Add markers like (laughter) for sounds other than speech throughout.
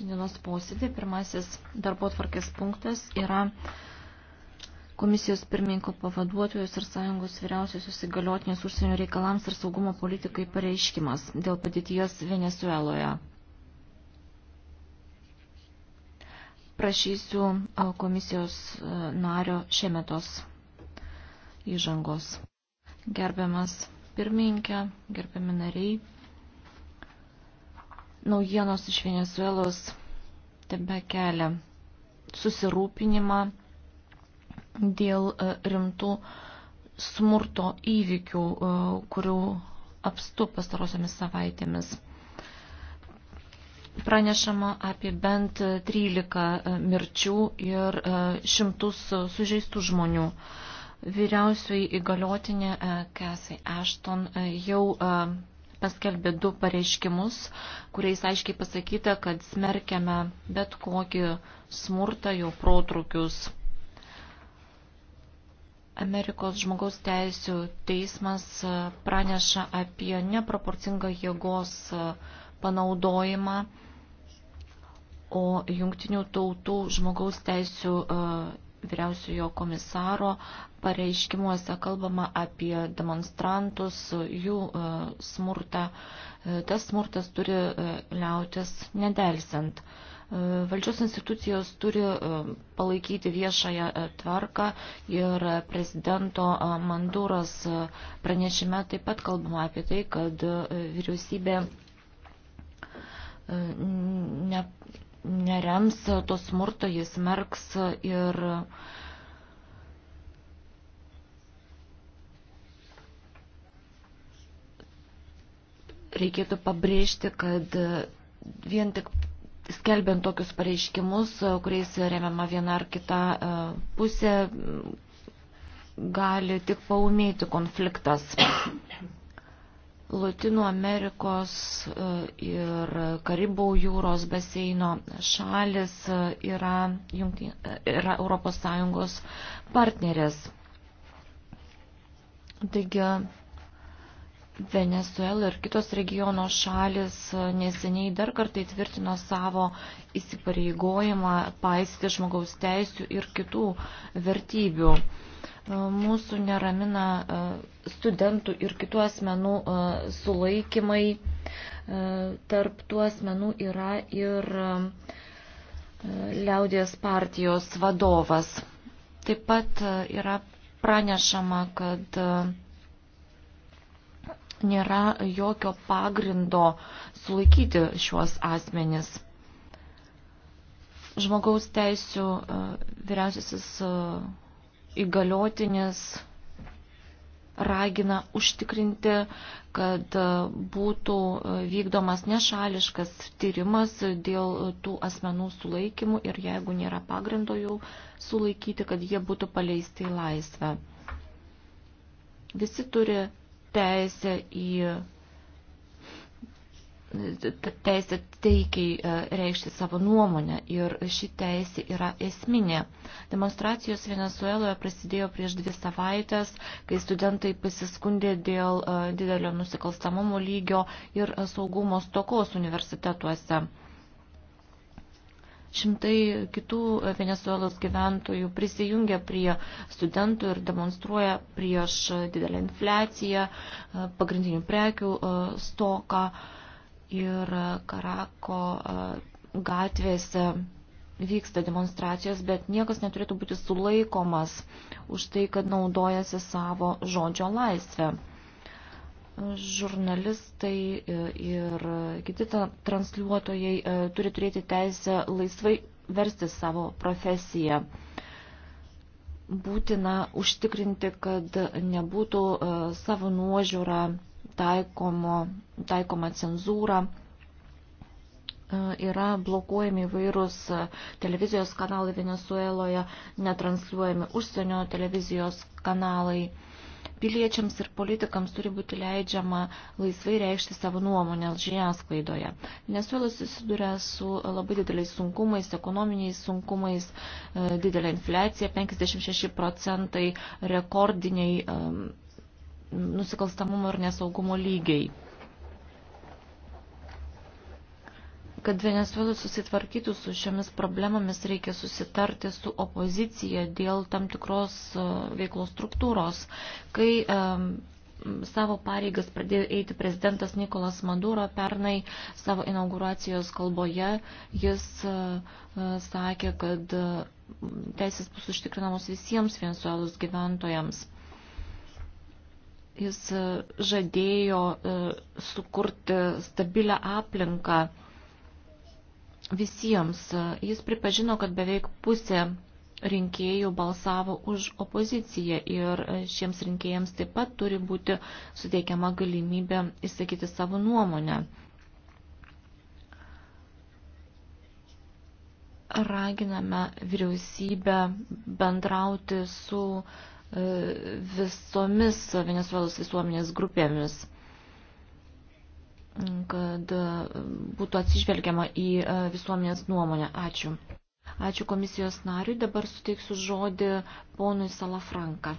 šiandienos posėdį. Pirmasis darbo tvarkės punktas yra Komisijos pirmininko pavaduotojos ir sąjungos vyriausiosios įgaliotinės užsienio reikalams ir saugumo politikai pareiškimas dėl padėties Venezueloje. Prašysiu komisijos nario šiemetos įžangos. Gerbiamas pirmininkė, gerbiami nariai. Naujienos iš Venezuelos tebe kelia susirūpinimą dėl e, rimtų smurto įvykių, e, kurių apstu pastarosiomis savaitėmis. Pranešama apie bent 13 e, mirčių ir šimtus sužeistų žmonių. Vyriausioji įgaliotinė Kesai Ashton jau paskelbė du pareiškimus, kuriais aiškiai pasakyta, kad smerkiame bet kokį smurtą, jo protrukius. Amerikos žmogaus teisų teismas praneša apie neproporcingą jėgos panaudojimą, o jungtinių tautų žmogaus teisų vyriausiojo komisaro pareiškimuose kalbama apie demonstrantus, jų e, smurtą. E, tas smurtas turi e, liautis nedelsiant. Valdžios institucijos turi palaikyti viešąją tvarką ir prezidento Manduros pranešime taip pat kalbama apie tai, kad vyriausybė ne nerems to smurto, jis merks ir reikėtų pabrėžti, kad vien tik skelbiant tokius pareiškimus, kuriais remiama viena ar kita e, pusė, gali tik paumėti konfliktas. Latino Amerikos e, ir Karibų jūros baseino šalis e, yra, e, yra ES partnerės. Taigi Venezuela ir kitos regiono šalis e, neseniai dar kartą įtvirtino savo įsipareigojimą paisyti žmogaus teisių ir kitų vertybių. E, mūsų neramina e, studentų ir kitų asmenų sulaikymai. Tarp tų asmenų yra ir liaudės partijos vadovas. Taip pat yra pranešama, kad nėra jokio pagrindo sulaikyti šiuos asmenis. Žmogaus teisų e, vyriausiasis e, įgaliotinis ragina užtikrinti, kad e, būtų vykdomas nešališkas tyrimas dėl tų asmenų sulaikymų ir jeigu nėra pagrindo jų sulaikyti, kad jie būtų paleisti į laisvę. Visi turi teisę į teisę taikiai e, reikšti savo nuomonę ir ši teisė yra esminė. Demonstracijos Venezueloje prasidėjo prieš dvi savaitės, kai studentai pasiskundė dėl e, didelio nusikalstamumo lygio ir saugumo stokos universitetuose. Šimtai kitų Venezuelos gyventojų prisijungia prie studentų ir demonstruoja prieš didelę infliaciją, pagrindinių prekių e, stoką ir Karako e, gatvėse vyksta demonstracijos, bet niekas neturėtų būti sulaikomas už tai, kad naudojasi savo žodžio laisvę žurnalistai e, ir kiti transliuotojai e, turi turėti teisę laisvai versti savo profesiją. Būtina užtikrinti, kad nebūtų e, savo nuožiūra taikomo, taikoma cenzūra. Yra blokuojami vairūs televizijos kanalai Venezueloje, netransliuojami užsienio televizijos kanalai Piliečiams ir politikams turi būti leidžiama laisvai reikšti savo nuomonę žiniasklaidoje. Venezuela susiduria su labai dideliais sunkumais, ekonominiais sunkumais, e, didelė infliacija, 56 procentai rekordiniai e, nusikalstamumo ir nesaugumo lygiai. Kad Venezuela susitvarkytų su šiomis problemomis, reikia susitarti su opozicija dėl tam tikros e, veiklos struktūros. Kai um, savo pareigas pradėjo eiti prezidentas Nikolas Maduro pernai savo inauguracijos kalboje. Jis e, sakė, kad teisės bus užtikrinamos visiems Venezuelos gyventojams. Jis žadėjo sukurti stabilę aplinką visiems. Jis pripažino, kad beveik pusė rinkėjų balsavo už opoziciją ir šiems rinkėjams taip pat turi būti suteikiama galimybė įsakyti savo nuomonę. Raginame vyriausybę bendrauti su e, visomis Venezuelos visuomenės grupėmis kad e, būtų atsižvelgiama į e, visuomenės nuomonę. Ačiū. Ačiū komisijos nariui. Dabar suteiksiu žodį ponui Salafranka.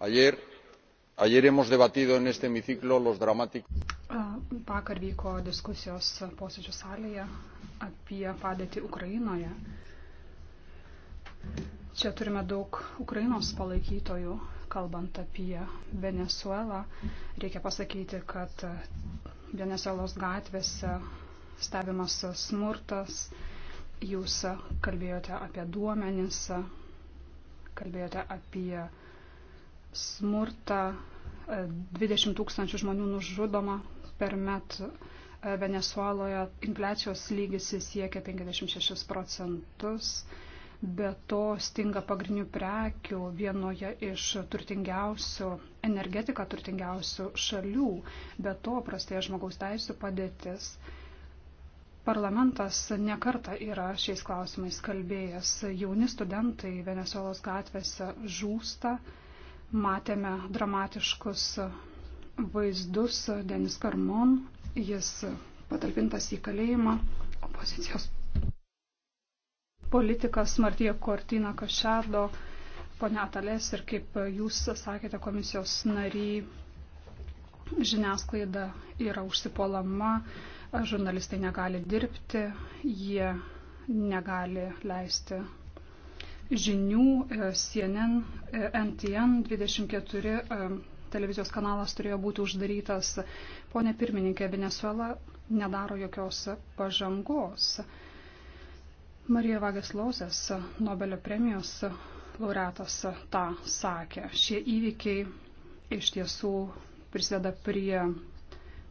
Ayer, ayer hemos debatido en este hemiciclo los dramáticos. Vakar vyko diskusijos posėdžių salėje apie padėtį Ukrainoje. Čia turime daug Ukrainos palaikytojų kalbant apie Venezuelą, reikia pasakyti, kad Venezuelos gatvėse stebimas smurtas, jūs kalbėjote apie duomenis, kalbėjote apie smurtą, 20 tūkstančių žmonių nužudoma per met. Venezueloje infliacijos lygis siekia 56 procentus Be to stinga pagrindinių prekių vienoje iš turtingiausių, energetiką turtingiausių šalių. Be to prastėja žmogaus teisų padėtis. Parlamentas nekarta yra šiais klausimais kalbėjęs. Jauni studentai Venezuelos gatvėse žūsta. Matėme dramatiškus vaizdus. Denis Karmon, jis patalpintas į kalėjimą opozicijos politikas Martija Kortina Kašerdo, ponia Talės ir kaip jūs sakėte, komisijos nariai žiniasklaida yra užsipolama, žurnalistai negali dirbti, jie negali leisti žinių, CNN, NTN 24 televizijos kanalas turėjo būti uždarytas. Pone pirmininkė, Venezuela nedaro jokios pažangos. Marija Vageslausės Nobelio premijos laureatas tą sakė. Šie įvykiai iš tiesų prisideda prie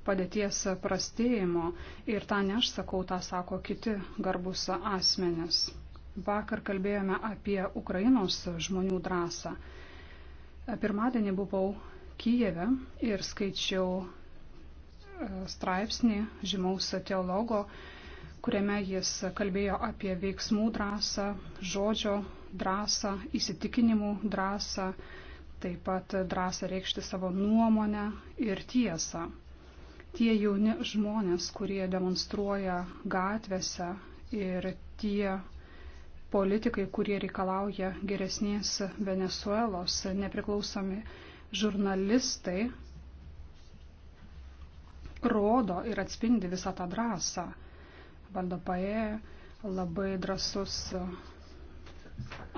padėties prastėjimo ir tą ne aš sakau, tą sako kiti garbus asmenis. Vakar kalbėjome apie Ukrainos žmonių drąsą. Pirmadienį buvau Kijeve ir skaičiau e, straipsnį žymaus teologo kuriame jis kalbėjo apie veiksmų drąsą, žodžio drąsą, įsitikinimų drąsą, taip pat drąsą reikšti savo nuomonę ir tiesą. Tie jauni žmonės, kurie demonstruoja gatvėse ir tie politikai, kurie reikalauja geresnės Venezuelos, nepriklausomi žurnalistai, rodo ir atspindi visą tą drąsą. Valdo Paė, labai drasus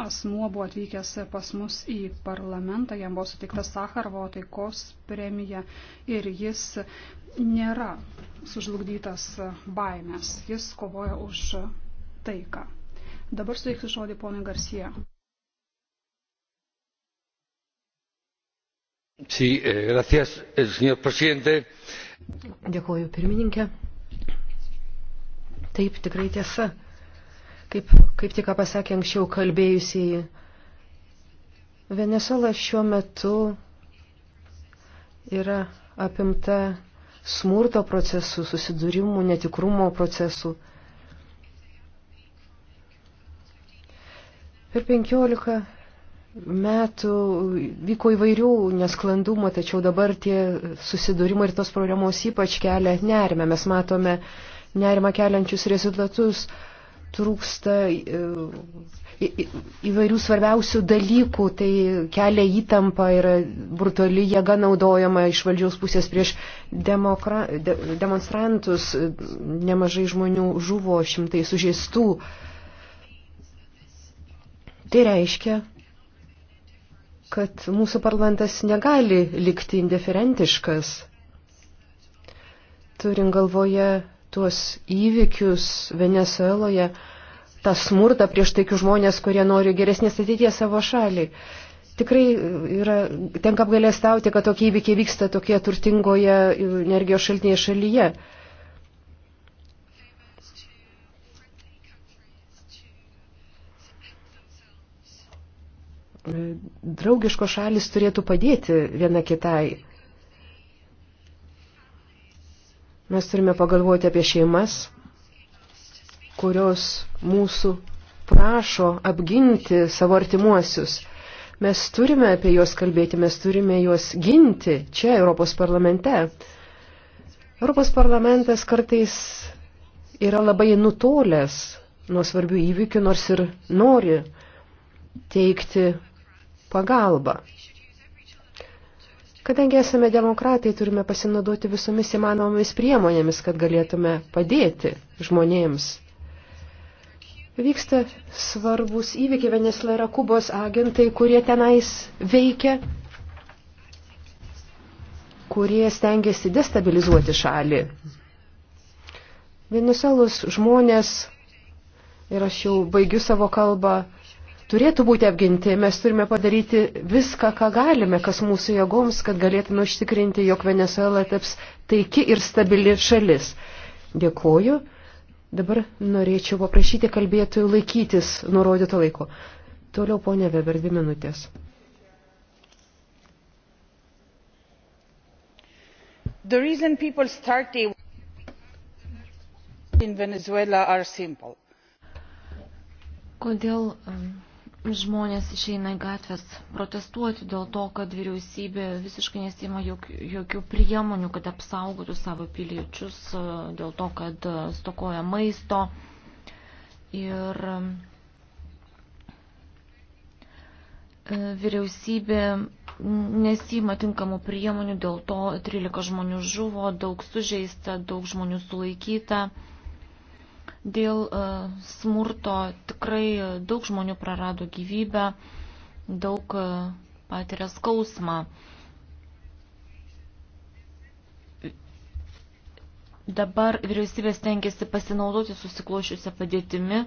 asmuo buvo atvykęs pas mus į parlamentą, jam buvo suteikta Sakarvo taikos premija ir jis nėra sužlugdytas baimės, jis kovoja už taiką. Dabar suteiksiu žodį ponui Garsie. Sí, eh, gracias, eh, señor presidente. Dėkuoju pirmininkė. Taip, tikrai tiesa. Kaip, kaip tik pasakė anksčiau kalbėjusieji, Venezuela šiuo metu yra apimta smurto procesų, susidūrimų, netikrumo procesų. Per 15 metų vyko įvairių nesklandumų, tačiau dabar tie susidūrimai ir tos problemos ypač kelia nerimę. Mes matome nerima keliančius rezultatus, trūksta e, įvairių svarbiausių dalykų, tai kelia įtampa ir brutali jėga naudojama iš valdžiaus pusės prieš demokra, de, demonstrantus, nemažai žmonių žuvo, šimtai sužeistų. Tai reiškia, kad mūsų parlamentas negali likti indiferentiškas, turint galvoje tuos įvykius Venezueloje, tą smurtą prieš taikius žmonės, kurie nori geresnės ateities savo šaliai. Tikrai yra, tenka apgailestauti, kad tokie įvykiai vyksta tokie turtingoje energijos šaltinėje šalyje. Draugiško šalis turėtų padėti viena kitai Mes turime pagalvoti apie šeimas, kurios mūsų prašo apginti savo artimuosius. Mes turime apie juos kalbėti, mes turime juos ginti čia Europos parlamente. Europos parlamentas kartais yra labai nutolęs nuo svarbių įvykių, nors ir nori teikti pagalbą. Kadangi esame demokratai, turime pasinaudoti visomis įmanomomis priemonėmis, kad galėtume padėti žmonėms. Vyksta svarbus įvykiai, Venezuela yra Kubos agentai, kurie tenais veikia, kurie stengiasi destabilizuoti šalį. Venezuelos žmonės, ir aš jau baigiu savo kalbą, turėtų būti apginti. Mes turime padaryti viską, ką galime, kas mūsų jėgoms, kad galėtume užtikrinti, jog Venezuela taps taiki ir stabili šalis. Dėkoju. Dabar norėčiau paprašyti kalbėtojų laikytis nurodyto laiko. Toliau, ponė Weber, dvi minutės. The reason people started in Venezuela are simple. Kodėl um, Žmonės išeina į gatves protestuoti dėl to, kad vyriausybė visiškai nesima jokių, jokių priemonių, kad apsaugotų savo piliečius, e, dėl to, kad e, stokoja maisto. Ir e, vyriausybė nesima tinkamų priemonių, dėl to 13 žmonių žuvo, daug sužeista, daug žmonių sulaikyta. Dėl e, smurto tikrai daug žmonių prarado gyvybę, daug e, patiria skausmą. Dabar vyriausybės tengiasi pasinaudoti susiklošiusią padėtimi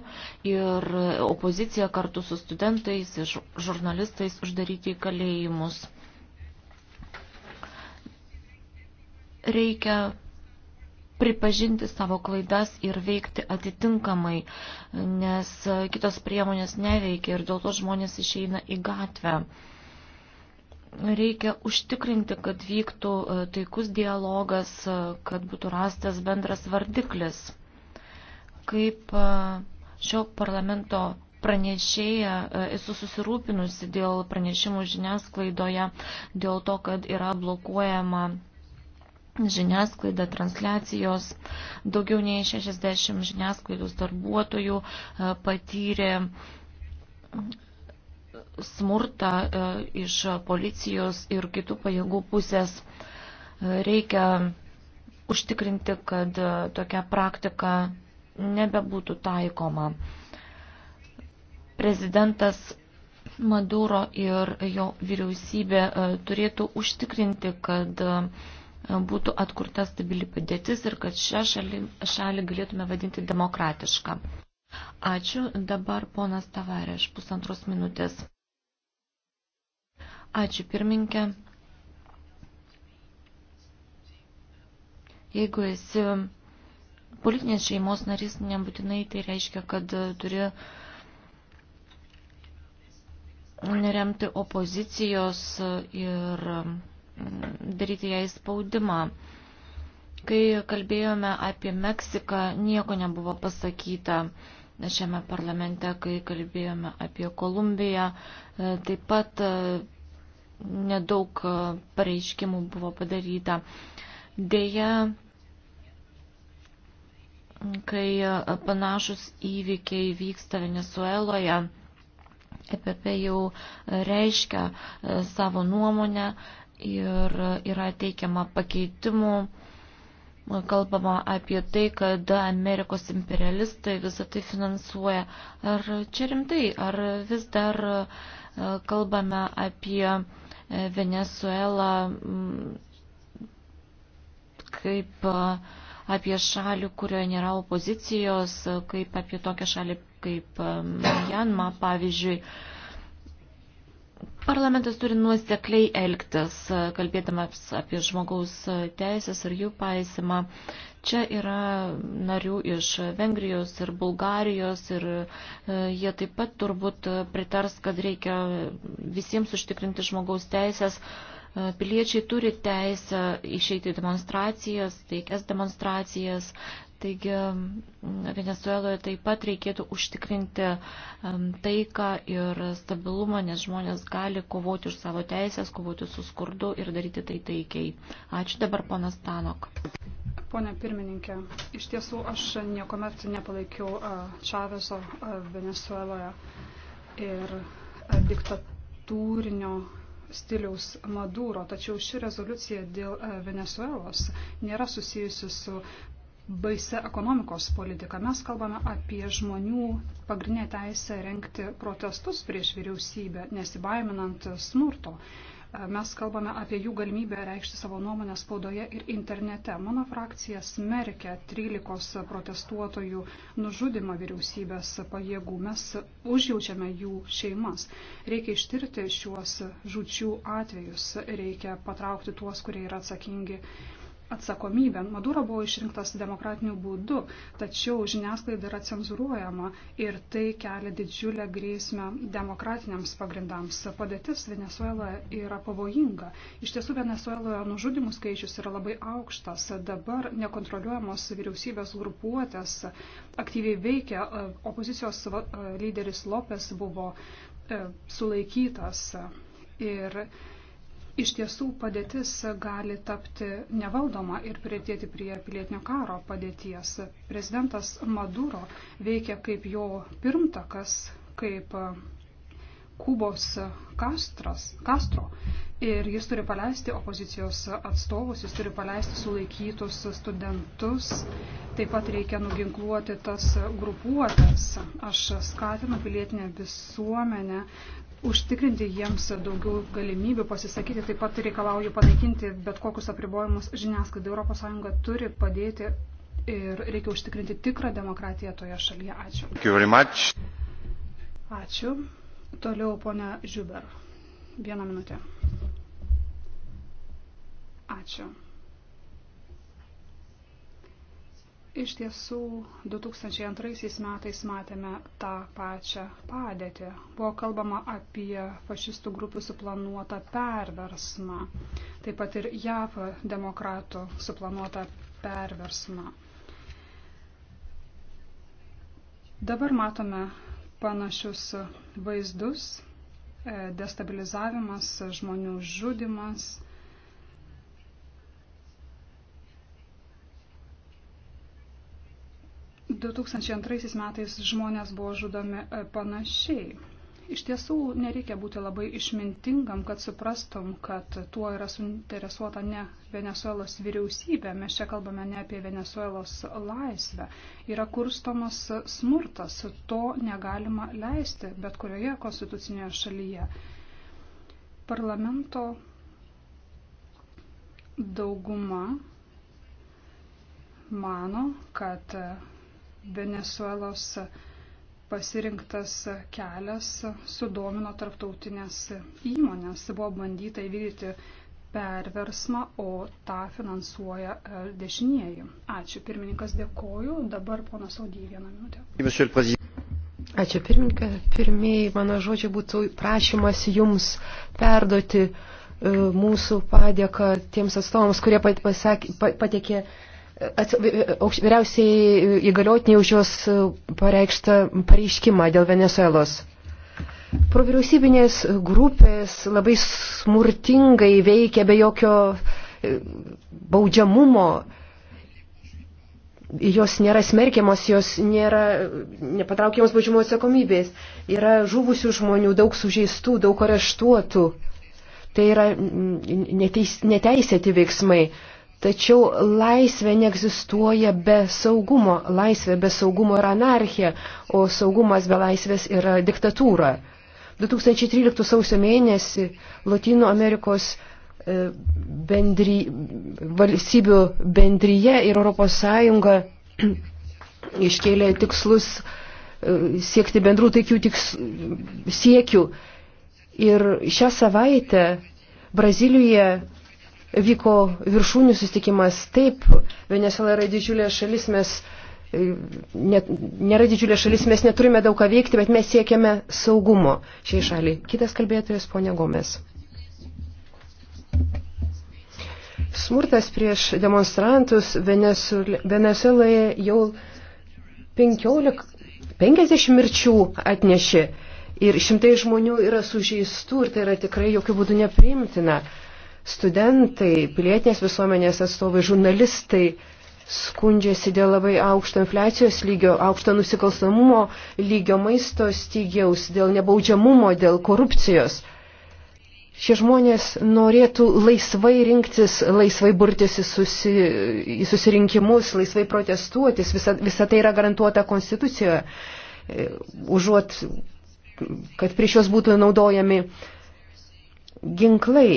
ir opozicija kartu su studentais ir žurnalistais uždaryti į kalėjimus. Reikia pripažinti savo klaidas ir veikti atitinkamai, nes kitos priemonės neveikia ir dėl to žmonės išeina į gatvę. Reikia užtikrinti, kad vyktų e, taikus dialogas, e, kad būtų rastas bendras vardiklis. Kaip e, šio parlamento pranešėja esu susirūpinusi dėl pranešimų žiniasklaidoje, dėl to, kad yra blokuojama žiniasklaida, transliacijos. Daugiau nei 60 žiniasklaidos darbuotojų e, patyrė e, smurtą e, iš policijos ir kitų pajėgų pusės. Reikia užtikrinti, kad tokia praktika nebebūtų taikoma. Prezidentas Maduro ir jo vyriausybė turėtų užtikrinti, kad būtų atkurta stabili padėtis ir kad šią šalį, šalį galėtume vadinti demokratišką. Ačiū. Dabar ponas Tavarėš, pusantros minutės. Ačiū pirminkė. Jeigu esi politinės šeimos narys, nebūtinai tai reiškia, kad turi neremti opozicijos ir daryti ją įspaudimą. Kai kalbėjome apie Meksiką, nieko nebuvo pasakyta šiame parlamente, kai kalbėjome apie Kolumbiją, e, taip pat e, nedaug e, pareiškimų buvo padaryta. Deja, kai panašus įvykiai vyksta Venezueloje, EPP jau reiškia savo nuomonę ir yra teikiama pakeitimų. Kalbama apie tai, kad Amerikos imperialistai visą tai finansuoja. Ar čia rimtai, ar vis dar e, kalbame apie e, Venezuelą kaip e, apie šalį, kurioje nėra opozicijos, kaip apie tokią šalį kaip Janma, pavyzdžiui. Parlamentas turi nuosekliai elgtis, kalbėdamas apie žmogaus teisės ir jų paisimą. Čia yra narių iš Vengrijos ir Bulgarijos ir e, jie taip pat turbūt pritars, kad reikia visiems užtikrinti žmogaus teisės. E, piliečiai turi teisę išeiti į demonstracijas, taikias demonstracijas, Taigi Venezueloje taip pat reikėtų užtikrinti taiką ir stabilumą, nes žmonės gali kovoti už savo teisės, kovoti su skurdu ir daryti tai taikiai. Ačiū dabar ponas Tanok. Pone pirmininkė, iš tiesų aš niekuomet nepalaikiau Čaveso Venezueloje ir diktatūrinio stiliaus Maduro, tačiau ši rezoliucija dėl Venezuelos nėra susijusi su baise ekonomikos politika. Mes kalbame apie žmonių pagrindinę teisę renkti protestus prieš vyriausybę, nesibaiminant smurto. Mes kalbame apie jų galimybę reikšti savo nuomonę spaudoje ir internete. Mano frakcija smerkia 13 protestuotojų nužudimą vyriausybės pajėgų. Mes užjaučiame jų šeimas. Reikia ištirti šiuos žučių atvejus. Reikia patraukti tuos, kurie yra atsakingi atsakomybę. Maduro buvo išrinktas demokratiniu būdu, tačiau žiniasklaida yra cenzuruojama ir tai kelia didžiulę grėsmę demokratiniams pagrindams. Padėtis Venezueloje yra pavojinga. Iš tiesų Venezueloje nužudimų skaičius yra labai aukštas. Dabar nekontroliuojamos vyriausybės grupuotės aktyviai veikia. Opozicijos lyderis Lopes buvo e, sulaikytas. Ir Iš tiesų padėtis gali tapti nevaldoma ir prieartėti prie pilietinio karo padėties. Prezidentas Maduro veikia kaip jo pirmtakas, kaip Kubos Kastras, Kastro. Ir jis turi paleisti opozicijos atstovus, jis turi paleisti sulaikytus studentus, taip pat reikia nuginkluoti tas grupuotės. Aš skatinu pilietinę visuomenę užtikrinti jiems daugiau galimybių pasisakyti, taip pat reikalauju panaikinti bet kokius apribojimus žiniasklaidai. ES turi padėti ir reikia užtikrinti tikrą demokratiją toje šalyje. Ačiū. Ačiū. Toliau ponia Žiuber. Vieną minutę. Ačiū. Iš tiesų, 2002 metais matėme tą pačią padėtį. Buvo kalbama apie fašistų grupių suplanuotą perversmą, taip pat ir JAV demokratų suplanuotą perversmą. Dabar matome panašius vaizdus e, - destabilizavimas, žmonių žudimas 2002 metais žmonės buvo žudomi e, panašiai. Iš tiesų nereikia būti labai išmintingam, kad suprastum, kad tuo yra suinteresuota ne Venezuelos vyriausybė. Mes čia kalbame ne apie Venezuelos laisvę. Yra kurstomas smurtas. To negalima leisti bet kurioje konstitucinėje šalyje. Parlamento dauguma mano, kad Venezuelos pasirinktas kelias sudomino tarptautinės įmonės. Buvo bandyta įvykdyti perversmą, o tą finansuoja dešinieji. Ačiū pirmininkas, dėkoju. Dabar ponas Audy vieną minutę. Ačiū pirmininkas. Pirmieji mano žodžiai būtų prašymas jums perduoti e, mūsų padėką tiems atstovams, kurie patekė vyriausiai įgaliotiniai už jos pareikštą pareiškimą dėl Venezuelos. Provyriausybinės grupės labai smurtingai veikia be jokio e, baudžiamumo. Jos nėra smerkiamos, jos nėra nepatraukiamos baudžiamo atsakomybės. Yra žuvusių žmonių, daug sužeistų, daug areštuotų. Tai yra neteis, neteisėti veiksmai. Tačiau laisvė neegzistuoja be saugumo. Laisvė be saugumo yra anarchija, o saugumas be laisvės yra diktatūra. 2013 sausio mėnesį Latino Amerikos e, bendry, valstybių bendryje ir Europos Sąjunga (clears throat) iškėlė tikslus e, siekti bendrų taikių tiks, siekių. Ir šią savaitę Brazilijoje vyko viršūnių sustikimas. Taip, Venezuela yra didžiulė šalis, mes e, net, nėra didžiulė šalis, mes neturime daug ką veikti, bet mes siekiame saugumo šiai šaliai. Kitas kalbėtojas, ponia Gomes. Smurtas prieš demonstrantus Venezueloje jau 15, 50 mirčių atnešė ir šimtai žmonių yra sužeistų ir tai yra tikrai jokių būdų nepriimtina studentai, pilietinės visuomenės atstovai, žurnalistai skundžiasi dėl labai aukšto infliacijos lygio, aukšto nusikalstamumo lygio, maisto stygiaus, dėl nebaudžiamumo, dėl korupcijos. Šie žmonės norėtų laisvai rinktis, laisvai burtis į, susi, į susirinkimus, laisvai protestuotis. Visa, visa tai yra garantuota konstitucijoje, e, užuot, kad prieš juos būtų naudojami ginklai.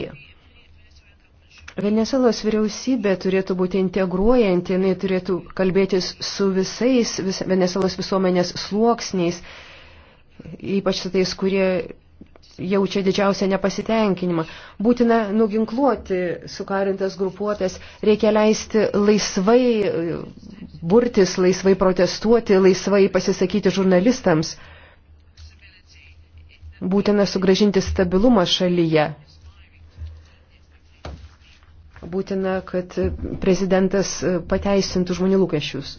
Venezuelos vyriausybė turėtų būti integruojanti, jinai turėtų kalbėtis su visais vis, Venezuelos visuomenės sluoksniais, ypač su tais, kurie jaučia didžiausią nepasitenkinimą. Būtina nuginkluoti sukarintas grupuotės, reikia leisti laisvai burtis, laisvai protestuoti, laisvai pasisakyti žurnalistams. Būtina sugražinti stabilumą šalyje, būtina, kad prezidentas pateisintų žmonių lūkesčius.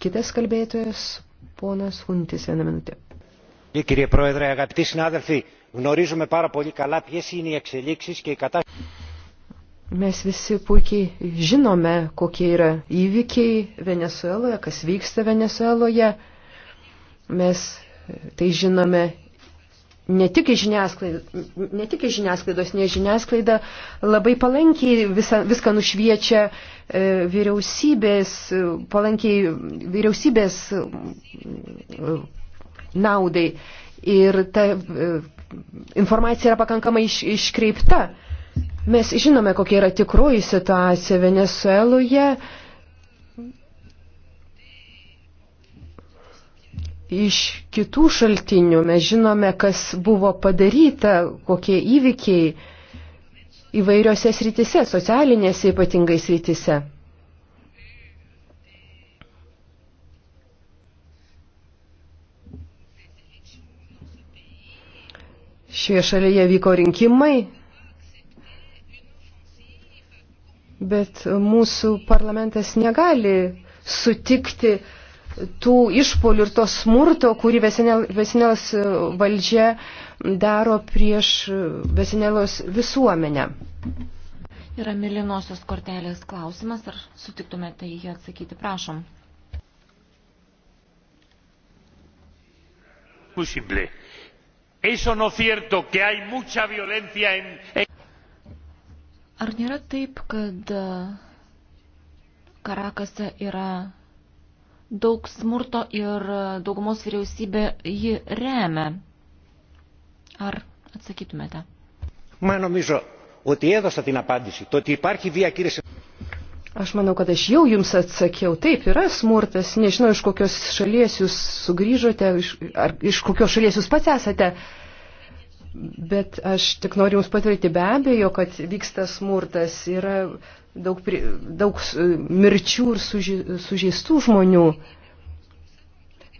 Kitas kalbėtojas, ponas Huntis, vieną minutę. Κύριε Πρόεδρε, αγαπητοί συνάδελφοι, γνωρίζουμε πάρα πολύ καλά ποιες είναι οι εξελίξεις και η κατάσταση. Mes visi puikiai žinome, kokie yra įvykiai Venezueloje, kas vyksta Venezueloje. Mes tai žinome ne tik iš žiniasklaidos, žiniasklaidos, nes žiniasklaida labai palankiai visa, viską nušviečia e, vyriausybės, palankiai vyriausybės naudai. Ir ta e, informacija yra pakankamai iš, iškreipta. Mes žinome, kokia yra tikroji situacija Venezueloje. E, iš kitų šaltinių mes žinome, kas buvo padaryta, kokie įvykiai įvairiose srityse, socialinėse ypatingai srityse. Šioje šalyje vyko rinkimai, bet mūsų parlamentas negali sutikti uh, tų išpolių ir to smurto, kurį Vesinėlos e, valdžia daro prieš e, Vesinėlos visuomenę. Yra milinosios kortelės klausimas, ar sutiktumėte į jį atsakyti, prašom. Simple. Eso no cierto que hay mucha violencia en. Ar nėra taip, kad e, Karakase yra daug smurto ir daugumos vyriausybė jį remia. Ar atsakytumėte? Aš manau, kad aš jau jums atsakiau. Taip, yra smurtas. Nežinau, iš kokios šalies jūs sugrįžote, iš, ar iš kokios šalies jūs pats esate. Bet aš tik noriu Jums patvirtinti be abejo, kad vyksta smurtas. Yra daug, daug e, mirčių ir suži, sužeistų žmonių.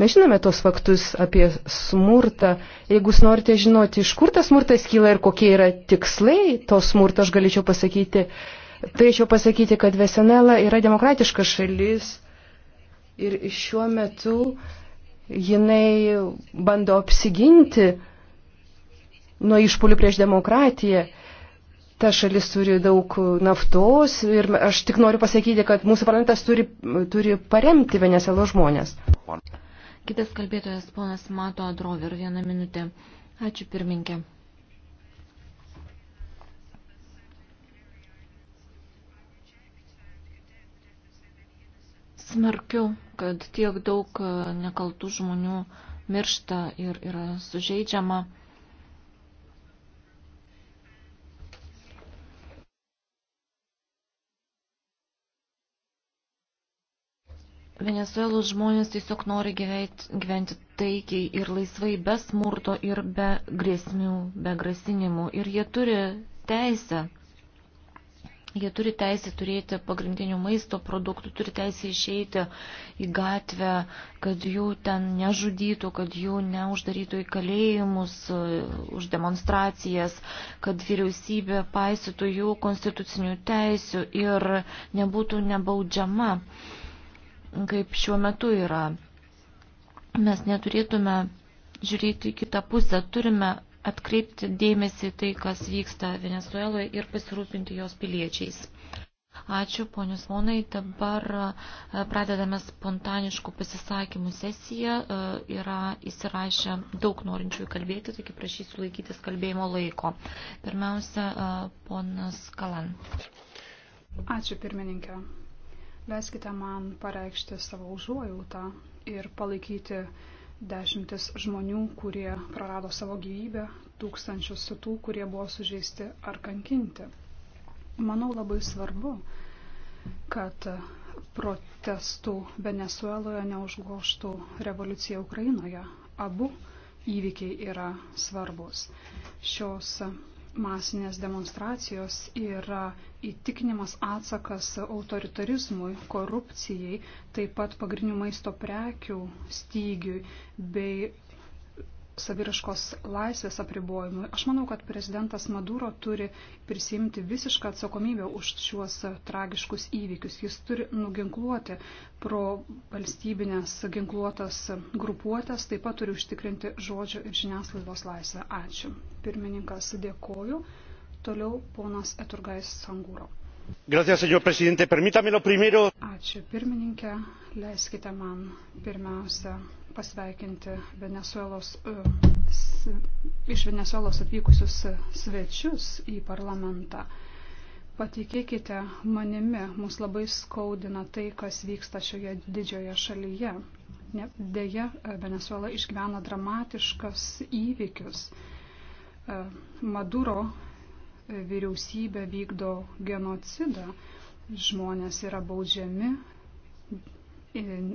Mes žinome tos faktus apie smurtą. Jeigu jūs norite žinoti, iš kur tas smurtas kyla ir kokie yra tikslai to smurto, aš galėčiau pasakyti, turėčiau pasakyti, kad Vesenela yra demokratiška šalis ir šiuo metu jinai bando apsiginti nuo išpolių prieš demokratiją ta šalis turi daug naftos ir aš tik noriu pasakyti, kad mūsų parlamentas turi, turi paremti Venezuelo žmonės. Kitas kalbėtojas, ponas Mato Adrover, vieną minutę. Ačiū pirminkė. Smarkiu, kad tiek daug nekaltų žmonių miršta ir yra sužeidžiama. Venezuelos žmonės tiesiog nori gyventi taikiai ir laisvai, be smurto ir be grėsmių, be grasinimų. Ir jie turi teisę. Jie turi teisę turėti pagrindinių maisto produktų, turi teisę išeiti į gatvę, kad jų ten nežudytų, kad jų neuždarytų į kalėjimus už demonstracijas, kad vyriausybė paisytų jų konstitucinių teisių ir nebūtų nebaudžiama. Uh, kaip šiuo metu yra. Mes neturėtume žiūrėti į kitą pusę, turime atkreipti dėmesį tai, kas vyksta Venezueloje ir pasirūpinti jos piliečiais. Ačiū, ponius monai. Dabar e, pradedame spontaniškų pasisakymų sesiją. E, yra įsirašę daug norinčių kalbėti, taigi prašysiu laikytis kalbėjimo laiko. Pirmiausia, e, ponas Kalan. Ačiū, pirmininkė. Leiskite man pareikšti savo užuojautą ir palaikyti dešimtis žmonių, kurie prarado savo gyvybę, tūkstančius su tų, kurie buvo sužeisti ar kankinti. Manau labai svarbu, kad protestų Venezueloje neužgoštų revoliucija Ukrainoje. Abu įvykiai yra svarbus. Šios masinės demonstracijos yra įtikinimas atsakas autoritarizmui, korupcijai, taip pat pagrindinių maisto prekių stygiui bei saviraškos laisvės apribojimui. Aš manau, kad prezidentas Maduro turi prisimti visišką atsakomybę už šiuos tragiškus įvykius. Jis turi nuginkluoti pro valstybinės ginkluotas grupuotės, taip pat turi užtikrinti žodžio ir žiniasklaidos laisvę. Ačiū. Pirmininkas, dėkoju. Toliau ponas Eturgais Sangūro. Gracias, señor presidente. Permítame lo primero. Ačiū, pirmininkė. Leiskite man pirmiausia pasveikinti Venezuelos, e, iš Venezuelos atvykusius svečius į parlamentą. Patikėkite manimi, mus labai skaudina tai, kas vyksta šioje didžioje šalyje. Deja, e, Venezuela išgyvena dramatiškas įvykius. E, Maduro vyriausybė vykdo genocidą, žmonės yra baudžiami,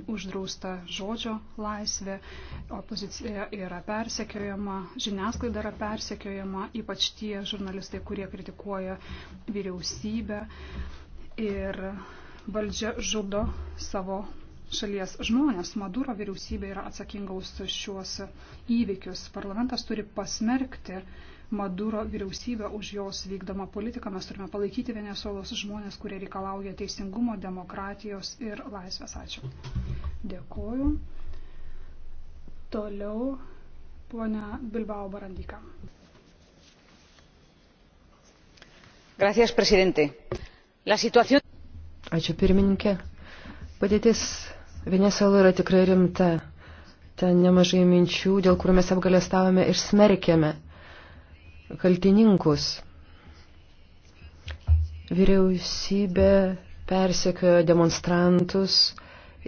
uždrausta žodžio laisvė, opozicija yra persekiojama, žiniasklaida yra persekiojama, ypač tie žurnalistai, kurie kritikuoja vyriausybę ir valdžia žudo savo šalies žmonės. Maduro vyriausybė yra atsakinga už šiuos įvykius. Parlamentas turi pasmerkti Maduro vyriausybę už jos vykdomą politiką. Mes turime palaikyti Venezuelos žmonės, kurie reikalauja teisingumo, demokratijos ir laisvės. Ačiū. Dėkoju. Toliau ponia Bilbao Barandika. Gracias, presidente. La situación... Ačiū pirmininkė. Padėtis Venezuela yra tikrai rimta. Ten nemažai minčių, dėl kurių mes apgalėstavome ir smerkėme kaltininkus. Vyriausybė persekiojo demonstrantus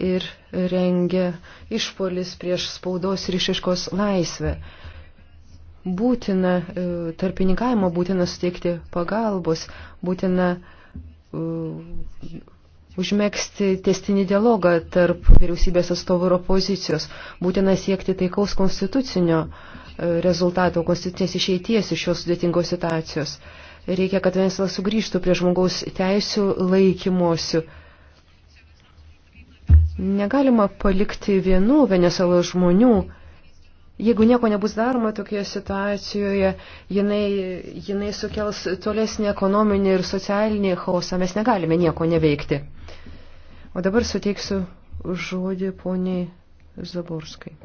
ir rengė išpolis prieš spaudos ir išiškos laisvę. Būtina e, tarpininkavimo, būtina suteikti pagalbos, būtina uh, užmėgsti testinį dialogą tarp vyriausybės atstovų ir opozicijos, būtina siekti taikaus konstitucinio uh, rezultato, konstitucinės išeities iš šios sudėtingos situacijos. Reikia, kad Venezuela sugrįžtų prie žmogaus teisių laikymosių. Negalima palikti vienų Venezuelos žmonių. Jeigu nieko nebus daroma tokioje situacijoje, jinai, jinai sukels tolesnį ekonominį ir socialinį chaosą. Mes negalime nieko neveikti. O dabar suteiksiu žodį poniai Zaborskai.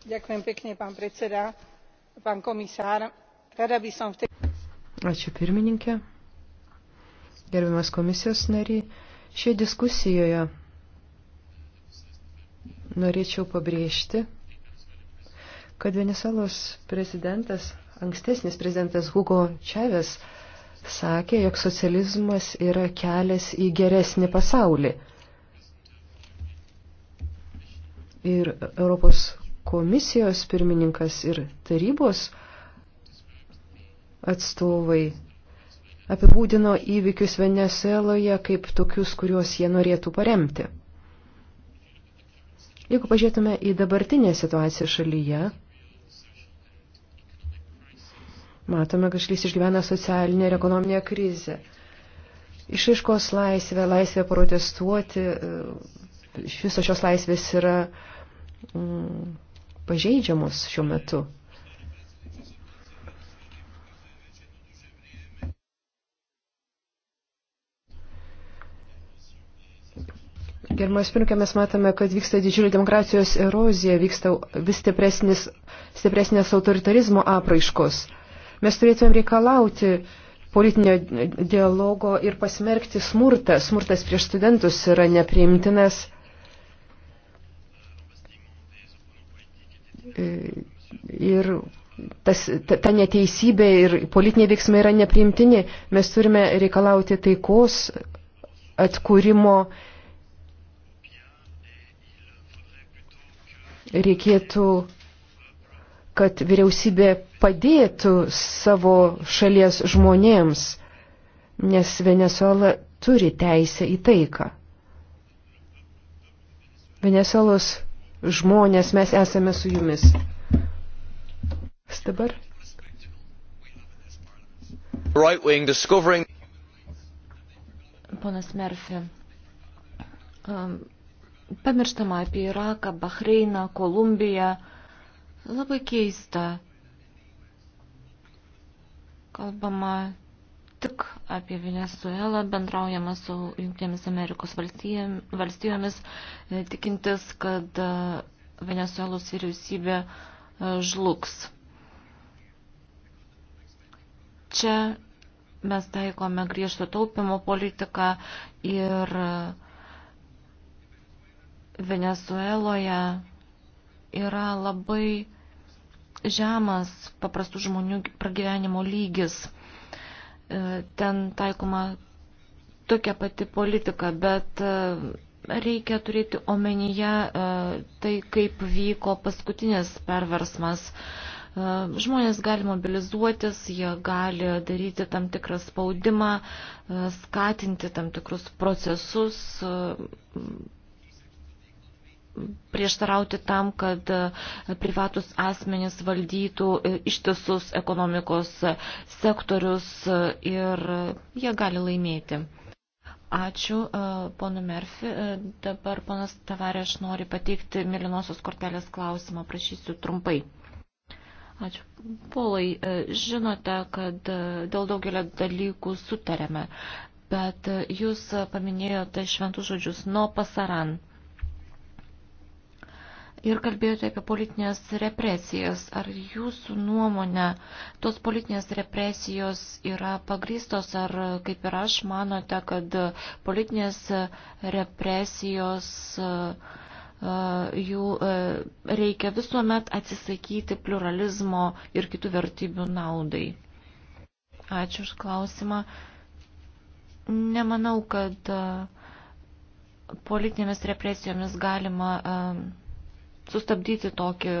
Ačiū pirmininkė, gerbiamas komisijos nariai. Šioje diskusijoje norėčiau pabrėžti, kad Venezuelos prezidentas, ankstesnis prezidentas Hugo Čavės, sakė, jog socializmas yra kelias į geresnį pasaulį. Ir Europos komisijos pirmininkas ir tarybos atstovai apibūdino įvykius Venezueloje kaip tokius, kuriuos jie norėtų paremti. Jeigu pažiūrėtume į dabartinę situaciją šalyje, matome, kad šalis išgyvena socialinę ir ekonominę krizę. Išaiškos laisvė, laisvė protestuoti, e, visos šios laisvės yra mm, pažeidžiamos šiuo metu. Gerbiamas pirmininkė, mes matome, kad vyksta didžiulė demokratijos erozija, vyksta vis stipresnis, stipresnės autoritarizmo apraiškos. Mes turėtumėm reikalauti politinio dialogo ir pasmerkti smurtą. Smurtas prieš studentus yra nepriimtinas. ir tas, ta, ta neteisybė ir politiniai veiksmai yra nepriimtini. Mes turime reikalauti taikos atkūrimo. Reikėtų, kad vyriausybė padėtų savo šalies žmonėms, nes Venezuela turi teisę į taiką. Venezuelos žmonės, mes esame su jumis. Dabar. Right wing discovering... Ponas Merfi, um, pamirštama apie Iraką, Bahreiną, Kolumbiją. Labai keista. Kalbama tik apie Venezuelą, bendraujama su Junktinėmis Amerikos valstijomis, e, tikintis, kad e, Venezuelos vyriausybė e, žlugs. Čia mes taikome griežto taupimo politiką ir Venezueloje yra labai žemas paprastų žmonių pragyvenimo lygis. E, ten taikoma tokia pati politika, bet e, reikia turėti omenyje e, tai, kaip vyko paskutinis perversmas. Žmonės gali mobilizuotis, jie gali daryti tam tikrą spaudimą, skatinti tam tikrus procesus, prieštarauti tam, kad e, privatus asmenys valdytų e, ištisus ekonomikos e, sektorius ir jie gali laimėti. Ačiū, ponu Merfi. Dabar ponas Tavarėš nori pateikti Milinosios kortelės klausimą. Prašysiu trumpai. Ačiū. Polai, žinote, kad dėl daugelio dalykų sutarėme, bet jūs paminėjote šventus žodžius nuo pasaran ir kalbėjote apie politinės represijas. Ar jūsų nuomonė tos politinės represijos yra pagrystos, ar kaip ir aš manote, kad politinės represijos e, jų e, reikia visuomet atsisakyti pluralizmo ir kitų vertybių naudai? Ačiū už klausimą. Nemanau, kad e, politinėmis represijomis galima uh, sustabdyti tokį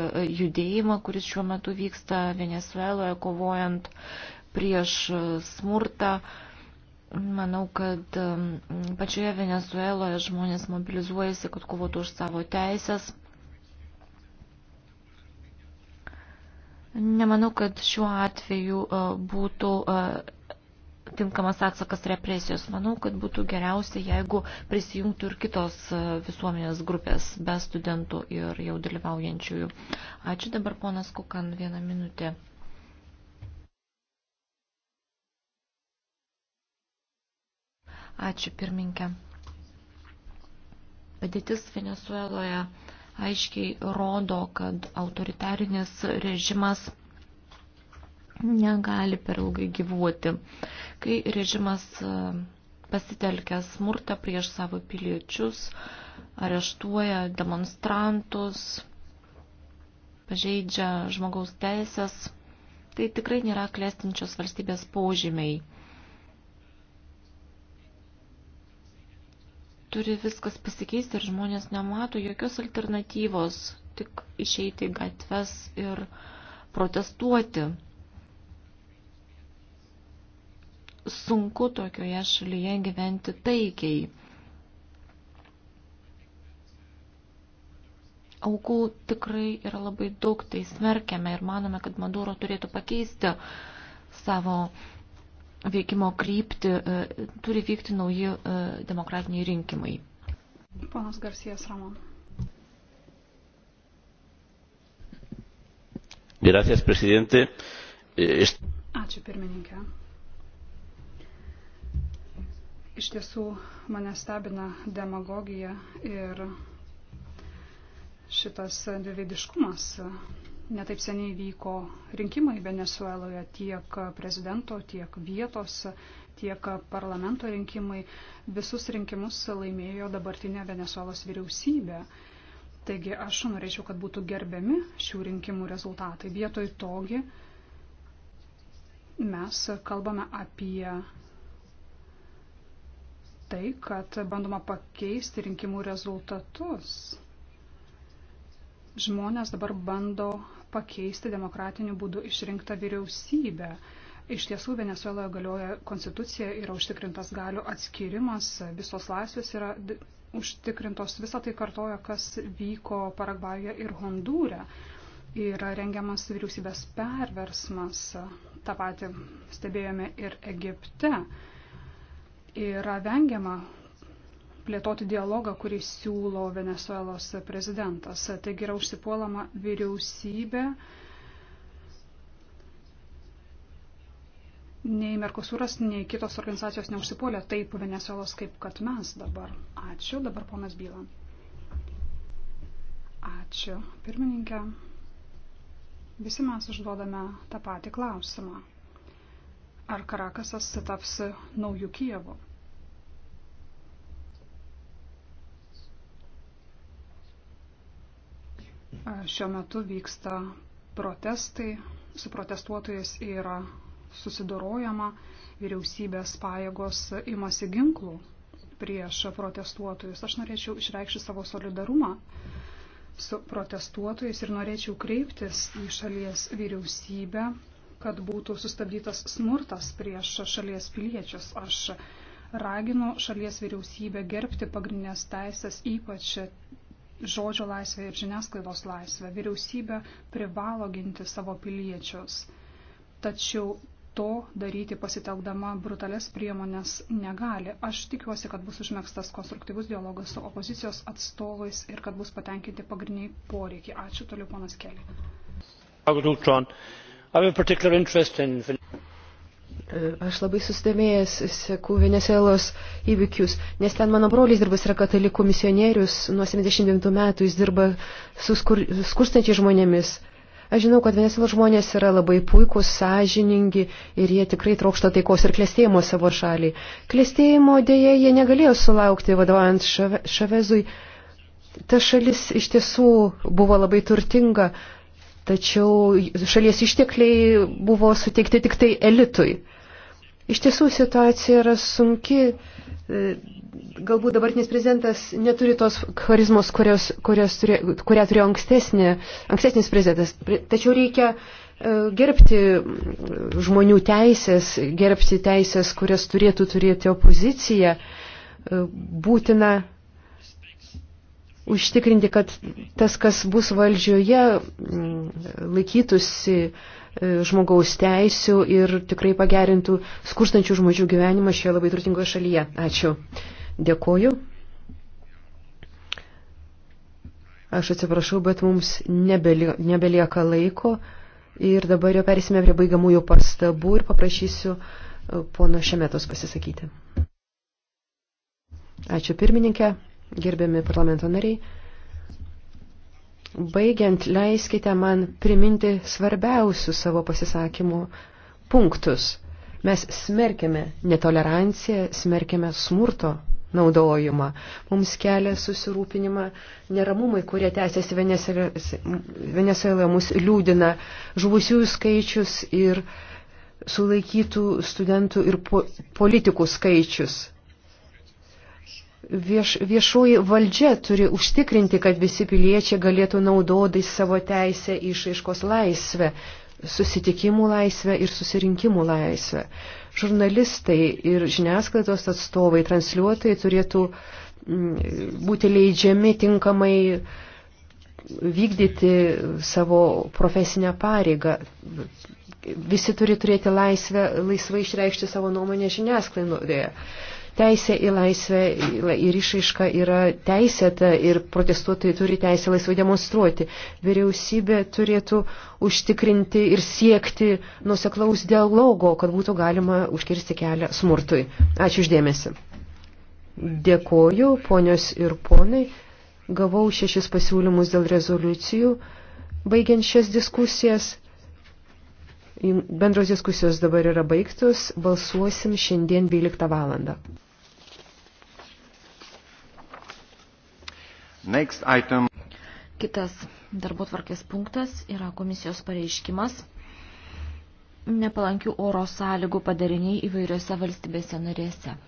judėjimą, kuris šiuo metu vyksta Venezueloje, kovojant prieš smurtą. Manau, kad um, pačioje Venezueloje žmonės mobilizuojasi, kad kovotų už savo teisės. Nemanau, kad šiuo atveju uh, būtų uh, tinkamas atsakas represijos. Manau, kad būtų geriausia, jeigu prisijungtų ir kitos e, visuomenės grupės be studentų ir jau dalyvaujančiųjų. Ačiū dabar ponas Kukan, vieną minutę. Ačiū pirminkė. Padėtis Venezueloje aiškiai rodo, kad autoritarinis režimas negali per ilgai gyvuoti. Kai režimas e, pasitelkia smurtą prieš savo piliečius, areštuoja demonstrantus, pažeidžia žmogaus teisės, tai tikrai nėra klestinčios valstybės požymiai. turi viskas pasikeisti ir žmonės nemato jokios alternatyvos, tik išeiti į gatves ir protestuoti. sunku tokioje šalyje gyventi taikiai. Aukų tikrai yra labai daug, tai smerkiame ir manome, kad Maduro turėtų pakeisti savo veikimo krypti, e, turi vykti nauji e, demokratiniai rinkimai. Ponas Garcijas Ramon. Gracias, presidente. E, Ačiū pirmininkė. Iš tiesų mane stebina demagogija ir šitas dviveidiškumas. Netaip seniai vyko rinkimai Venezueloje tiek prezidento, tiek vietos, tiek parlamento rinkimai. Visus rinkimus laimėjo dabartinė Venezuelos vyriausybė. Taigi aš norėčiau, kad būtų gerbiami šių rinkimų rezultatai. Vietoj togi mes kalbame apie tai, kad bandoma pakeisti rinkimų rezultatus. Žmonės dabar bando pakeisti demokratiniu būdu išrinktą vyriausybę. Iš tiesų, Venezueloje galioja konstitucija, yra užtikrintas galių atskirimas, visos laisvės yra užtikrintos, visą tai kartoja, kas vyko Paragvajoje ir Hondūre. Yra rengiamas vyriausybės perversmas, tą patį stebėjome ir Egipte yra vengiama plėtoti dialogą, kurį siūlo Venezuelos prezidentas. Taigi yra užsipuolama vyriausybė. Nei Merkosuras, nei kitos organizacijos neužsipuolė taip Venezuelos kaip kad mes dabar. Ačiū, dabar ponas Bylan. Ačiū, pirmininkė. Visi mes užduodame tą patį klausimą ar Karakasas taps naujų Kijevo. Šiuo metu vyksta protestai, su protestuotojais yra susidorojama, vyriausybės pajėgos imasi ginklų prieš protestuotojus. Aš norėčiau išreikšti savo solidarumą su protestuotojais ir norėčiau kreiptis į šalies vyriausybę kad būtų sustabdytas smurtas prieš šalies piliečius. Aš raginu šalies vyriausybę gerbti pagrindinės teisės, ypač žodžio laisvę ir žiniasklaidos laisvę. Vyriausybė privalo ginti savo piliečius. Tačiau to daryti pasitelkdama brutales priemonės negali. Aš tikiuosi, kad bus užmėgstas konstruktyvus dialogas su opozicijos atstovais ir kad bus patenkinti pagrindiniai poreikiai. Ačiū toliau, ponas Kelė. Aš labai susidomėjęs seku Venezuelos įvykius, nes ten mano brolis dirbas yra katalikų misionierius, nuo 79 metų jis dirba su skur, skurstančiai žmonėmis. Aš žinau, kad Venezuelos žmonės yra labai puikūs, sąžiningi ir jie tikrai trokšta taikos ir klėstėjimo savo šaliai. Klėstėjimo dėje jie negalėjo sulaukti, vadovaujant šave, Šavezui. Ta šalis iš tiesų buvo labai turtinga, Tačiau šalies ištekliai buvo suteikti tik tai elitui. Iš tiesų situacija yra sunki. E, galbūt dabartinis prezidentas neturi tos charizmos, kurios, kurios turė, kurią turėjo ankstesnė, ankstesnis prezidentas. Tačiau reikia e, gerbti žmonių teisės, gerbti teisės, kurias turėtų turėti opozicija. E, būtina užtikrinti, kad tas, kas bus valdžioje, laikytųsi e, žmogaus teisių ir tikrai pagerintų skurstančių žmonių gyvenimą šioje labai turtingoje šalyje. Ačiū. Dėkoju. Aš atsiprašau, bet mums nebelieka laiko ir dabar jau persime prie baigiamųjų pastabų ir paprašysiu e, pono Šemetos pasisakyti. Ačiū pirmininkė gerbiami parlamento nariai. Baigiant, leiskite man priminti svarbiausius savo pasisakymų punktus. Mes smerkėme netoleranciją, smerkėme smurto naudojimą. Mums kelia susirūpinimą neramumai, kurie tęsiasi Venezueloje, mus liūdina žuvusiųjų skaičius ir sulaikytų studentų ir po politikų skaičius. Vieš, viešoji valdžia turi užtikrinti, kad visi piliečiai galėtų naudodai savo teisę išaiškos laisvę, susitikimų laisvę ir susirinkimų laisvę. Žurnalistai ir žiniasklaidos atstovai, transliuotojai turėtų mm, būti leidžiami tinkamai vykdyti savo profesinę pareigą. Visi turi turėti laisvę, laisvai išreikšti savo nuomonę žiniasklaidoje. Teisė į laisvę ir išaiška yra teisėta ir protestuotojai turi teisę laisvai demonstruoti. Vyriausybė turėtų užtikrinti ir siekti nuseklaus dialogo, kad būtų galima užkirsti kelią smurtui. Ačiū uždėmesi. Dėkoju, ponios ir ponai. Gavau šešis pasiūlymus dėl rezoliucijų. Baigiant šias diskusijas, Bendros diskusijos dabar yra baigtos, balsuosim šiandien 12 valandą. Kitas darbo tvarkės punktas yra komisijos pareiškimas. Nepalankių oro sąlygų padariniai įvairiose valstybėse narėse.